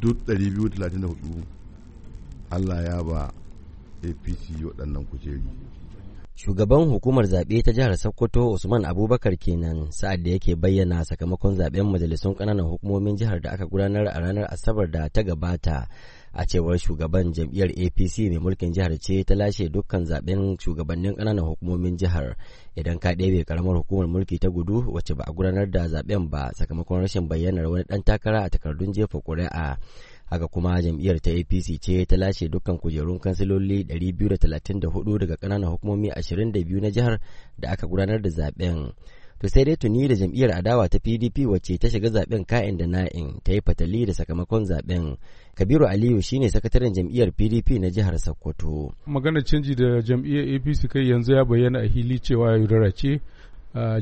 234 allah ya ba apc waɗannan kujeri shugaban hukumar zaɓe ta jihar sokoto usman abubakar kenan sa'ad da yake bayyana sakamakon zaɓen majalisun ƙananan hukumomin jihar da aka gudanar a ranar asabar da ta gabata a cewar shugaban jam'iyyar apc mai mulkin jihar ce ta lashe dukkan zaben shugabannin ƙananan hukumomin jihar idan ka ɗebe karamar hukumar mulki ta gudu wacce ba a gudanar da zaben ba sakamakon rashin bayyanar wani ɗan takara a takardun jefa ƙuri'a haka kuma jam'iyyar ta apc ce ta lashe dukkan kujerun kansiloli 234 daga ƙananan hukumomi 22 na jihar da aka gudanar da zaben to sai dai tuni da jam'iyyar adawa ta pdp wacce ta shiga zaben ka'in da na'in ta yi fatali da sakamakon zaben kabiru aliyu shine sakataren jam'iyyar pdp na jihar sokoto magana canji da jam'iyyar apc kai yanzu ya bayyana a hili cewa yaudara ce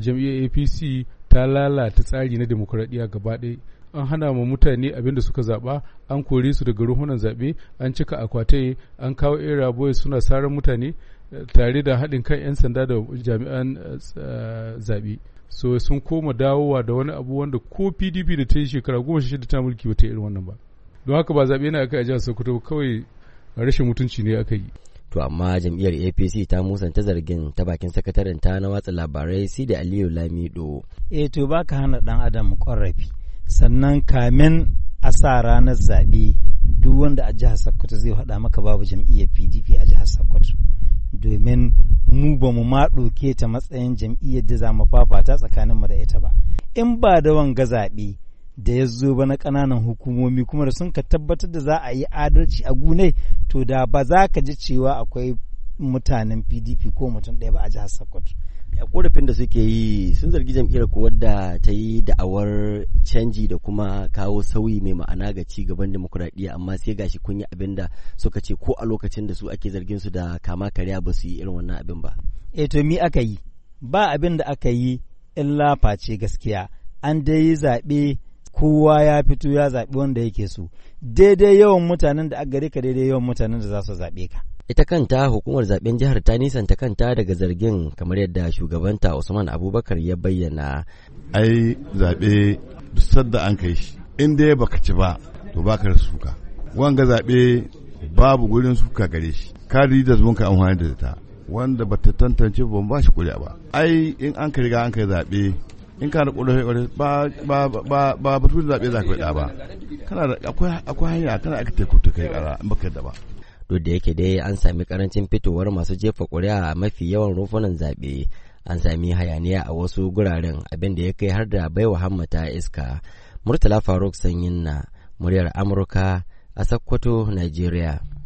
jam'iyyar apc ta lalata tsari na demokuraɗiyya gaba ɗaya an hana ma mutane abin da suka zaɓa an kore su daga ruhunan zaɓe an cika akwatai an kawo irin suna saran mutane tare da haɗin kan 'yan sanda da jami'an eh, eh, zaɓe so sun koma dawowa da wani abu wanda ko pdp da ta yi shekara goma sha shida ta mulki bata irin wannan ba don haka ba zaɓe na aka yi a jihar sokoto kawai rashin mutunci ne aka yi to amma jam'iyyar apc ta musanta zargin ta bakin sakataren ta na watsa labarai da aliyu lamido eh to baka hana dan adam korafi sannan kamin a sa ranar zaɓe duk wanda a jihar sokoto zai faɗa maka babu jam'iyyar pdp a jihar sokoto domin mu ba mu ma ɗauke ta matsayin jam'iyyar da za mu fafata tsakaninmu da ita ba in ba da wanga zaɓe da ya zo ba na ƙananan hukumomi kuma da sun ka tabbatar da za a yi adalci a gune to da ba za ka ji cewa akwai mutanen pdp ko mutum ɗaya ba a jihar sokoto korafin da suke yi sun zargi jam'iyyar kuwa da ta yi da'awar canji da kuma kawo sauyi mai ma'ana ga ci gaban demokuraɗiyya amma sai gashi kun yi abin da suka ce ko a lokacin da su ake zargin su da kama karya ba su yi irin wannan abin ba. E to mi aka yi ba abin da aka yi in face gaskiya an dai yi zaɓe kowa ya fito ya zaɓi wanda yake so daidai yawan mutanen da aka gare ka daidai yawan mutanen da za su zaɓe ka. ita kanta hukumar zaben jihar ta nisanta kanta daga zargin kamar yadda shugabanta usman abubakar ya bayyana ai zaɓe da an kai shi in dai baka ci ba to baka da suka wanga zaɓe babu gurin suka gare shi kari da zuwan ka amfani da ta wanda ba ta tantance ba ba shi kuri'a ba ai in an ka riga an kai zaɓe in ka da kuri ba ba ba ba ba zaɓe za ka faɗa ba kana da akwai hanya kana aka teku ta kai ƙara in baka da ba duk da yake dai an sami karancin fitowar masu jefa kuri'a a mafi yawan rufunan zaɓe an sami hayaniya a wasu guraren abin da ya kai har da bai baiwa hammata iska murtala faruk sanyin na muryar amurka a sakkwato nigeria